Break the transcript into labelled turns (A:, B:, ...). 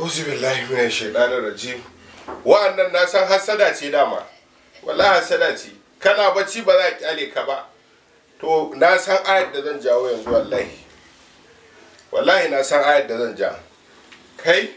A: Uzu billahi mina shaidanar rajim. Wa'annan na san hasada ce dama. Wallahi hasada ce. Kana bacci ba za a kyale ka ba. To na san ayar da zan jawo yanzu wallahi. Wallahi na san ayar da zan ja. Kai?